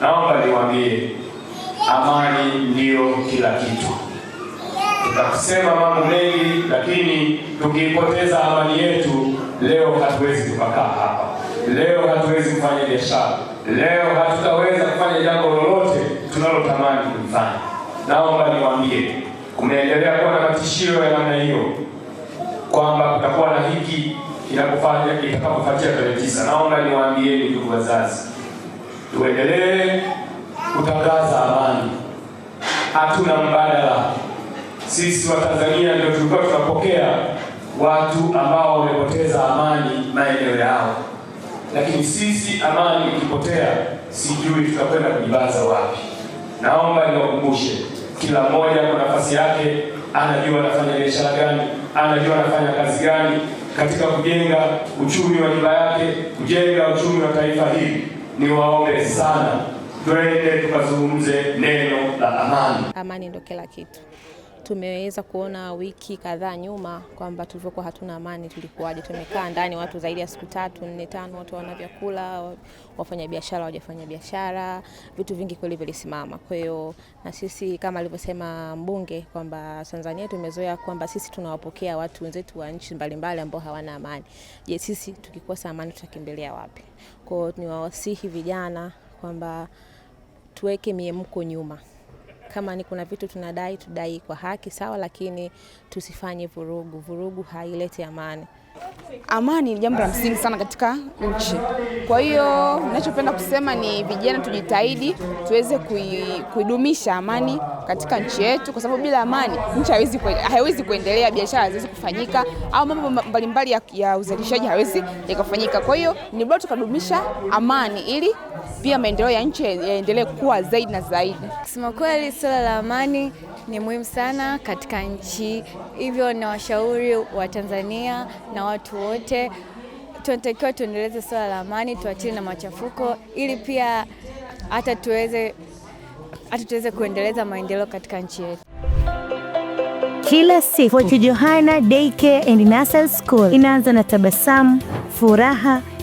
naomba niwaambie, amani ndiyo kila kitu. Tutakusema mambo mengi, lakini tukiipoteza amani yetu, leo hatuwezi kupaka hapa, leo hatuwezi kufanya biashara, leo hatutaweza kufanya jambo lolote tunalotamani kulifanya. Naomba niwaambie, kumeendelea kuwa na matishio ya namna hiyo kwamba kutakuwa na hiki kinakufanya kitakapofuatia tarehe tisa. Naomba niwaambieni ndugu wazazi tuendelee kutangaza amani, hatuna mbadala. Sisi wa tanzania ndio tulikuwa tunapokea watu ambao wamepoteza amani maeneo yao, lakini sisi amani ikipotea, sijui tutakwenda kujibaza wapi. Naomba niwakumbushe kila mmoja kwa nafasi yake, anajua anafanya biashara gani, anajua anafanya kazi gani katika kujenga uchumi wa nyumba yake, kujenga uchumi wa taifa hili niwaombe sana twende tukazungumze neno la amani. Amani ndio kila kitu tumeweza kuona wiki kadhaa nyuma kwamba tulivyokuwa hatuna amani, tulikuwaje? Tumekaa ndani watu zaidi ya siku tatu nne tano, watu wana vyakula, wafanya biashara biashara, vitu vingi kweli vilisimama. Kwa hiyo na sisi kama alivyosema mbunge kwamba Tanzania tumezoea kwamba sisi tunawapokea watu wenzetu wa nchi mbalimbali ambao hawana amani. Je, sisi tukikosa amani tutakimbilia wapi? Kwa hiyo niwawasihi vijana kwamba tuweke miemko nyuma. Kama ni kuna vitu tunadai, tudai kwa haki sawa, lakini tusifanye vurugu. Vurugu haileti amani. Amani ni jambo la msingi sana katika nchi. Kwa hiyo ninachopenda kusema ni vijana tujitahidi tuweze kuidumisha amani katika nchi yetu, kwa sababu bila amani nchi haiwezi kuendelea, biashara haziwezi kufanyika, au mambo mbalimbali ya, ya uzalishaji hawezi yakafanyika. Kwa hiyo ni bora tukadumisha amani ili pia maendeleo ya nchi yaendelee kuwa zaidi na zaidi. Kusema kweli, suala la amani ni muhimu sana katika nchi, hivyo na washauri wa Tanzania na watu wote tunatakiwa tuendeleze suala la amani, tuachili na machafuko ili pia hata tuweze hata tuweze kuendeleza maendeleo katika nchi yetu. Kila siku Fort Johanna Daycare and Nursery School inaanza na tabasamu, furaha